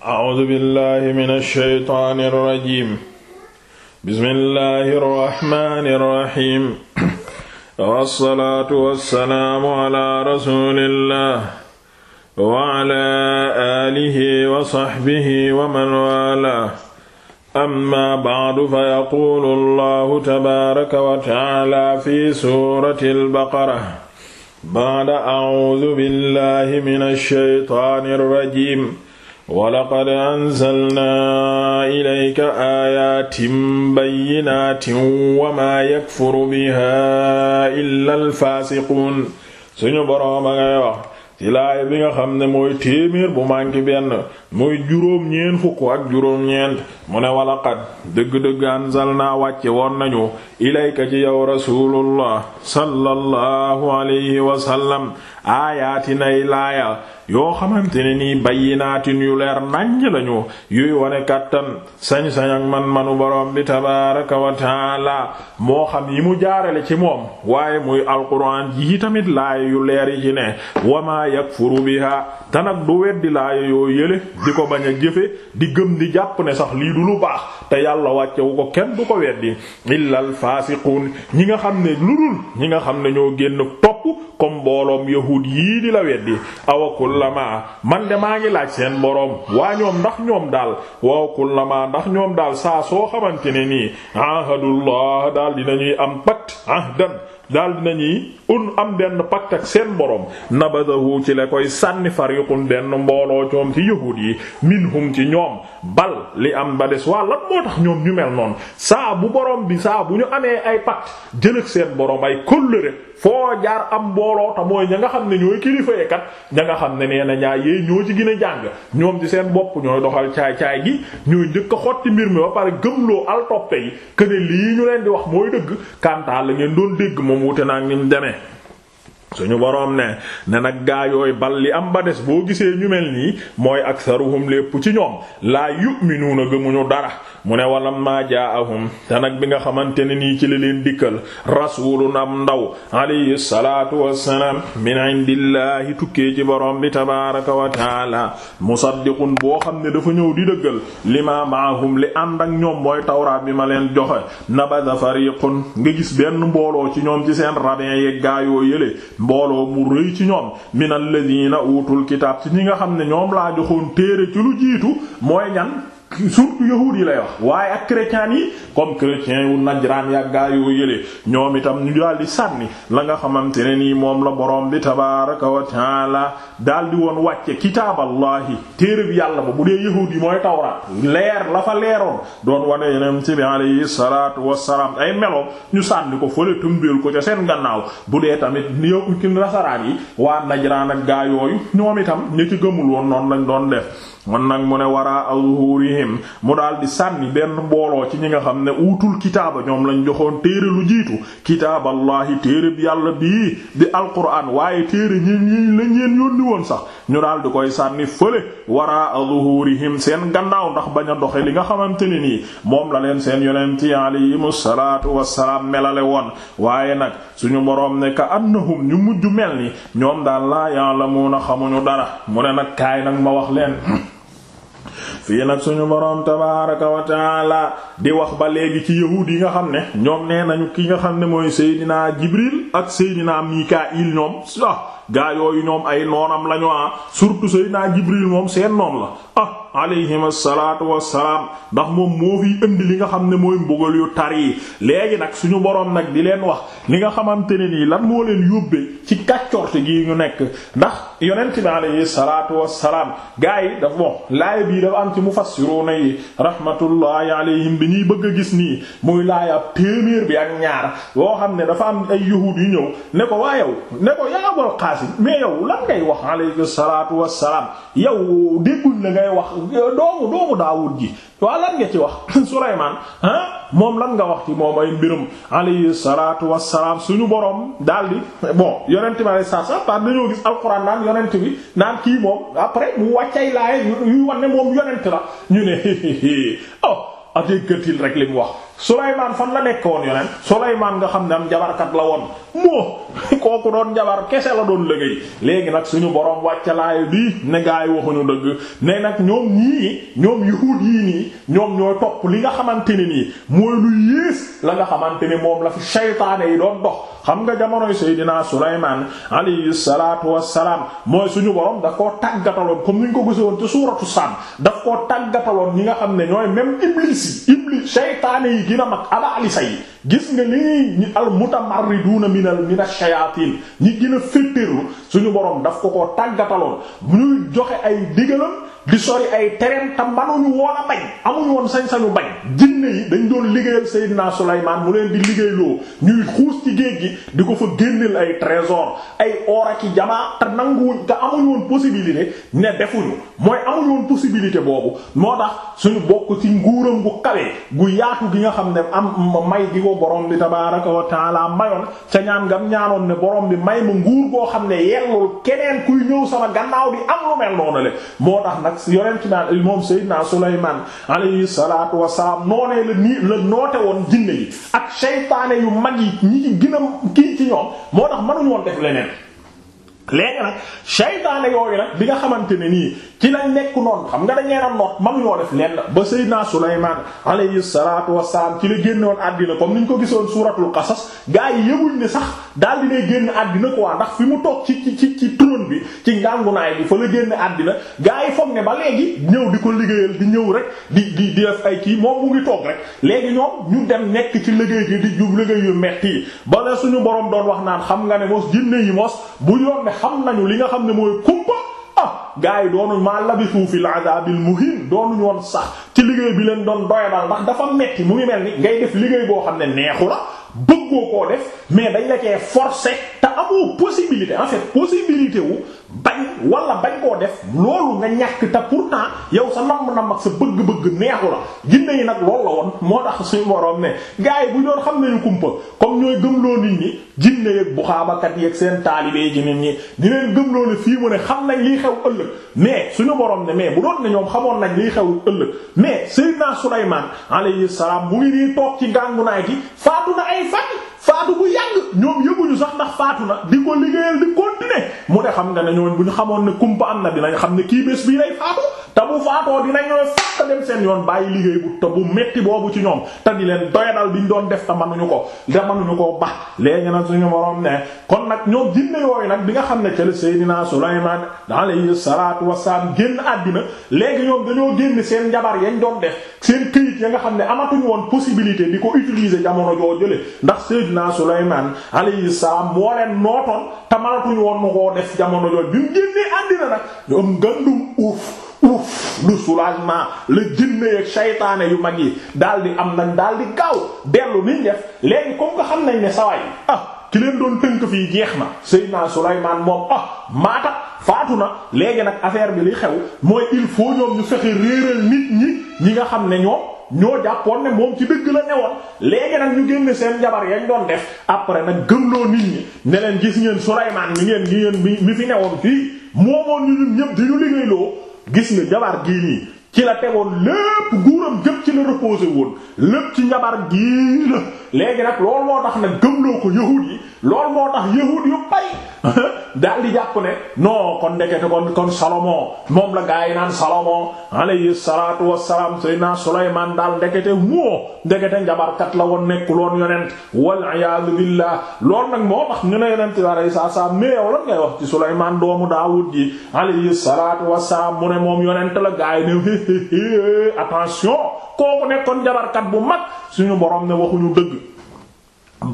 A'uuzu billaahi mina shaytaani rajiim. Bismillaahi rahmaani rahiim. Wassalaatu wassalaamu alaa rasuulillaah wa alaa aalihi wa sahbihi wa man waalaah. Ammaa ba'du fa yaquulu Allaahu tabaaraka wa ta'aalaa fi suuratil baqara. Ba'da a'uuzu billaahi mina shaytaani rajiim. walaqad anzalnaa ilayka aayaatin bayyinaatin wa maa yakfuru bihaa illa alfaasiquun suñu boroom a ngay wax bi nga xam ne mooy téeméer bu manki benn mooy juróom-ñeent fukk ak juróom-ñeent mu ne walaqad dëgg-dëgg anzalnaa wàcce woon nañu ilayka ci yow rasuulullah sallallahu alayhi wa aayaatinay laaya yoo xamante ne nii bayyinaatin yu leer naññ lañu yuy wane kàttan sañ-sañ ak man-manu borom bi tabaaraka wa taala moo xam yi mu jaarale ci moom waaye muy alquran yi tamit laaya yu leer yi ci ne wama yakfuru biha te nag du weddi laaya yoo yële di ko bañ a jëfe di gëm di jàpp ne sax lii du lu baax te yàlla wàccewu ko kenn du ko weddi illal faasiquun ñi nga xam ne lu dul ñi nga xam ne ñoo génn topp comme mbooloom yahuud yii di la weddi awa kullama man de maa laaj seen boroom waa ñoom ndax ñoom daal wa kullama ndax ñoom daal saa soo xamante ne nii ahadullah daal dinañuy am pat ahdan daal dinañuy un am benn pacte ak seen borom nabadahu ci la koy sànni fariqun benn mbooloo coom ci yahuud yi minhum ci ñoom bal li am ba des waa lan moo tax ñoom ñu mel noon saa bu boroom bi saa bu ñu amee ay pacte jëlëg seen borom ay kóllëre foo jaar am mbooloo te mooy ña nga xam ne ñooy kilifa yi kat ña nga xam ne nee na ñaa yéey ñoo ci gën a jàng ñoom ci seen bopp ñooy doxal caay-caay gi ñooy njëkk a xotti mbir mi ba pare gëmloo al toppe yi que moom wute naa ak ni mu demee suñu boroom ne ne nag gaa yooyu bal li am ba des boo gisee ñu mel nii mooy aksaruhum lépp ci ñoom laa yu'minuuna gëmuñu dara mu ne walam maa jaahum te nag bi nga xamante ne nii ci la leen dikkal rasulun am ndaw alayhi salaatu wassalaam min indillahi tukkee ci boroom bi tabaaraka wa taala musaddiqun boo xam ne dafa ñëw di dëggal lima maahum li ànd ak ñoom mooy tawraat bi ma leen joxe nabada fariqun nga gis benn mbooloo ci ñoom ci seen rabin yeeg gaa yoo mbooloo mu rëy ci ñoom min alladhina utul kitaab ci ñi nga xam ne ñoom laa joxoon téere ci lu jiitu mooy ñan surtout yahuud yi lay wax waaye ak chrétiens yi comme chrétiens yu najraan ya gaa yoo ñoom itam ñu daal sànni la nga xamante ne nii moom la borom bi tabaaraka wa la daal di woon wàcce kitaaballahi téere bi yàlla ba bu dee yahuud yi mooy tawraat leer la fa leeroon doon wane yeneen ci bi alayhi salaatu wassalaam ay meloom ñu sànni ko fële tumbeel ko ca seen gannaaw bu dee tamit yow ki nasaraan yi waa najraan ak gaa yooyu ñoom itam ñi ci gëmul woon noonu lañ doon def ilayhim mu daal di sànni benn mbooloo ci ñi nga xam ne uutul kitaaba ñoom lañ joxoon téere lu jiitu kitaaballahi téere bi yàlla bii di alquran waaye téere ñi ñi lañ yeen yónni woon sax ñu daal di koy sànni fële waraa zuhurihim seen gannaaw ndax bañ a doxe li nga xamante ne nii moom la leen seen yonent yi alayhimu salaatu wassalaam melale woon waaye nag suñu moroom nekk ka annahum ñu mujj mel ni ñoom daal laa la mu ya'lamuuna xamuñu dara mu ne nag kaay nag ma wax leen fii nag suñu boroom tabaaraka wa taala di wax ba léegi ci yahuud yi nga xam ne ñoom nee nañu ki nga xam ne mooy Seydina Jibril ak Seydina Mikaayil ñoom ah gaa yooyu ñoom ay noonam lañu ah surtout Seydina Jibril moom seen noon la ah. alayhim asalaatu wassalaam ndax moom moo fi indi li nga xam ne mooy mbugal yu tar yi léegi nag suñu boroom nag di leen wax li nga xamante ne nii lan moo leen yóbbee ci kàccorte gi ñu nekk ndax yonent bi alayhi salaatu wassalaam gars yi daf bon laaya bii dafa am ci mufassiruuna yi rahmatullahi alayhim bi ñuy bëgg a gis nii muy laaya téeméer bi ak ñaar boo xam ne dafa am ay yahuud yu ñëw ne ko waa yow ne ko yaa Abul Qaasim mais yow lan ngay wax alayhi salaatu wassalaam yow dégguñ la ngay wax doomu doomu Daawud ji waa lan nga ci wax Sulaymaan ah moom lan nga wax ci moom ay mbirum alayhi salaatu wassalaam suñu borom daldi bon yonent bi alayhi yonent bi naan kii moom après mu wàccay laa yuy wan ne moom yonent la ñu ne oh a déggatil rek li mu wax Souleymane fan la nekk woon yonent Souleymane nga xam ne am jabarkat la woon moo kooku doon jabar kese la doon liggéey léegi nag suñu borom wàccalaayu bi ne gaa yi waxuñu dëgg ne nag ñoom ñii ñoom yahuud yii nii ñoom ñoo topp li nga xamante ne nii mooy lu yées la nga xamante ne moom la fi saytaane yi doon dox xam nga jamonoy Seydina Souleymane alayhi salaatu wassalaam mooy suñu borom daf koo tàggataloon comme ni ñu ko gisoon ci suuratu Saad daf koo tàggataloon ñi nga xam ne ñooy même iblis gën a mag alaalisa yi gis nga li al mutamarriduuna minal mina shayatin ñi gën a suñu borom daf ko ko tàggataloon ñuy joxe ay digalam di sori ay tereem te manuñu woon a bañ amuñu woon sañ-sañu bañ jinne yi dañ doon liggéeyal Seydina Sulaymaan mu leen di liggéeyloo ñuy xuus ci géej gi di ko fa génneel ay trésor ay or ci jamaa te nanguwuñ te amuñu woon possibilité ne defuñu mooy amuñu possibilité boobu moo tax suñu bokk ci nguuram bu kawee gu yaatu gi nga xam ne am may gi ko borom bi tabaaraka wa taala mayoon ca ñaan ngam ñaanoon ne borom bi may ma nguur goo xam ne yellul keneen kuy ñëw sama gannaaw bi am mel noonu le moo tax nag yonent naan moom Seydina Sulaymaan noonee la nii la noote woon jinne yi ak seytaane yu mag yi ñi ci kii ci ñoom moo tax mënuñu woon def leneen léegi nag seytaane yooyu nag bi nga xamante ne nii ci lañ nekk noonu xam nga dañ leen a noot mam ñoo def lenn ba Seydina Sulaymaan alayhi salaatu wassalaam ci la génnoon àddina comme ni ñu ko gisoon suuratul qasas gaa yi yëguñ ne sax daal di ne génn àddina quoi ndax fi mu toog ci ci ci trône bi ci ngàngunaay bi fa la génn àddina gaa yi foog ne ba léegi ñëw di ko liggéeyal di ñëw rek di di di def ay kii moom mu ngi toog rek léegi ñoom ñu dem nekk ci liggéey gi di jub liggéey yu metti yi ba la suñu borom doon wax naan xam nga ne mos jinne yi moos bu yoon ne xam nañu li nga xam ne mooy kumpa ah gars yi doonuñ maa labisu fil azabil muhin doonuñ woon sax ci liggéey bi leen doon doyadal ndax dafa metti mu ngi mel ni ngay def liggéey boo xam ne neexu la bëgg bëggoo koo def mais dañ la cee forcer te amoo possibilité en fait possibilité wu bañ wala bañ koo def loolu nga ñàkk te pourtant yow sa namm namm ak sa bëgg-bëgg neexu la ginne yi nag loolu la woon moo tax suñu borom ne gars yi bu doon xam nañu kumpa comme ñooy gëmloo nit ñi jinne yeeg buxaabakat yeeg seen taalibee ji nit ñi di leen gëmloo ne fii mu ne xam nañ liy xew ëllëg mais suñu borom ne mais bu doon ne ñoom xamoon nañ liy xew ëllëg mais Seydina Sulaymaan alayhi ñoom yëguñu sax ndax faatu na di ko liggéeyal di continuer mu ne xam nga ne ñooñ bu ñu xamoon ne kumpa am na dinañ xam ne kii bés bii day te bu faatoo dinañ ñooy fàq dem seen yoon bàyyi liggéey bu te bu métti boobu ci ñoom te di leen doyadal ñu doon def te mënuñu ko te mënuñu koo bax léegi nag suñu morom ne kon nag ñoom jinne nag bi nga xam ne ca la Seydina Sulaymaan alayhi salaatu wassalaam génn àddina léegi ñoom dañoo génn seen njabar yañ doon def seen këyit ya nga xam ne amatuñ woon possibilité di ko utiliser jamono joo jële ndax Seydina Sulaymaan alayhi salaam moo leen nootoon te mënatuñ woon ma koo def jamono jooju bi mu génnee àddina nag ñoom gandum uuf ouf lu soulagement la jinne yeeg saytaane yu mag yi daal di am nañ daal di gaaw dellu niñ def léegi comme nga xam nañ ne sawaay ah ki leen doon tënk fii jeex na Seydina Souleymane moom ah maata faatu na léegi nag affaire bi li xew mooy il faut ñoom ñu fexe réeral nit ñi ñi nga xam ne ñoom ñoo jàppoon ne moom ci dëgg la newoon léegi nag ñu génne seen jabar yañ doon def après nag gëmloo nit ñi ne leen gis ngeen Souleymane mi ngeen mi ngeen mi fi newoon fii moomoon ñu ñun ñëpp gis nga jabar gii nii ci la tegoon lépp nguuram jëpp ci la reposé woon lépp ci njabar gii la léegi nag loolu moo tax nag gëmloo ko yahuud yi loolu moo tax yahuud yu bari daal di jàpp ne non kon ndekete kon kon Salomon moom la gaa yi naan Salomon alayhi salaatu wassalaam Seydina Sulaymaan daal ndekete moo ndekete njabarkat la woon nekkul woon yonent wal iyaadu billah loolu nag moo tax ñu ne yonent bi alayhi salaatu wassalaam mais yow lan ngay wax ci Sulaymaan doomu Daawud ji alayhi wassalaam mu ne moom yonent la gaa yi ne attention kooku nekkoon njabarkat bu mag suñu borom ne waxuñu dëgg.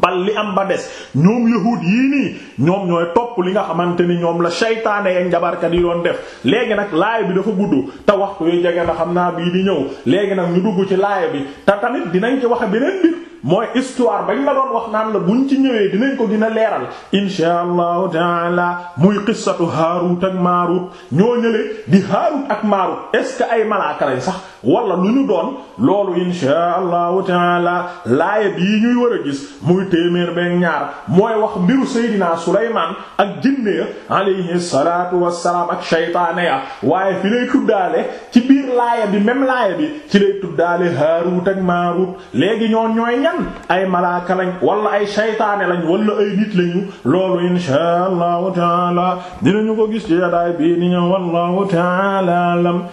bal li am ba des ñoom yahuud yii nii ñoom ñooy topp li nga xamante ni ñoom la seytaane ak njabarkat yi doon def léegi nag laaya bi dafa gudd te waxtu yu jege na xam naa bii di ñëw léegi nag ñu dugg ci laaya bi te tamit dinañ ci waxe beneen mbir mooy histoire bañ la doon wax naan la buñ ci ñëwee dinañ ko dina leeral insha allahu taala muy qissatu Haarut ak Maarut ñoo ñële di Haarut ak Maarut est ce que ay malaaka sax wala lu ñu doon loolu insha allahu taala laaya bii ñuy war a gis muy téeméer beeg ñaar mooy wax mbiru seydinaa Sulaymaan ak jinne ya alayhi salaatu wassalaam ak shaytaane ya waaye fi lay tuddaale ci biir laaya bi même laaya bi ci lay tuddaale Haaruut ak Maaruut léegi ñoon ñooy ñan ay malaaka lañ wala ay shaytaane lañ wala ay nit lañu loolu insha allahu taala dinañu ko gis ci yadaay bii ni ñëw wallahu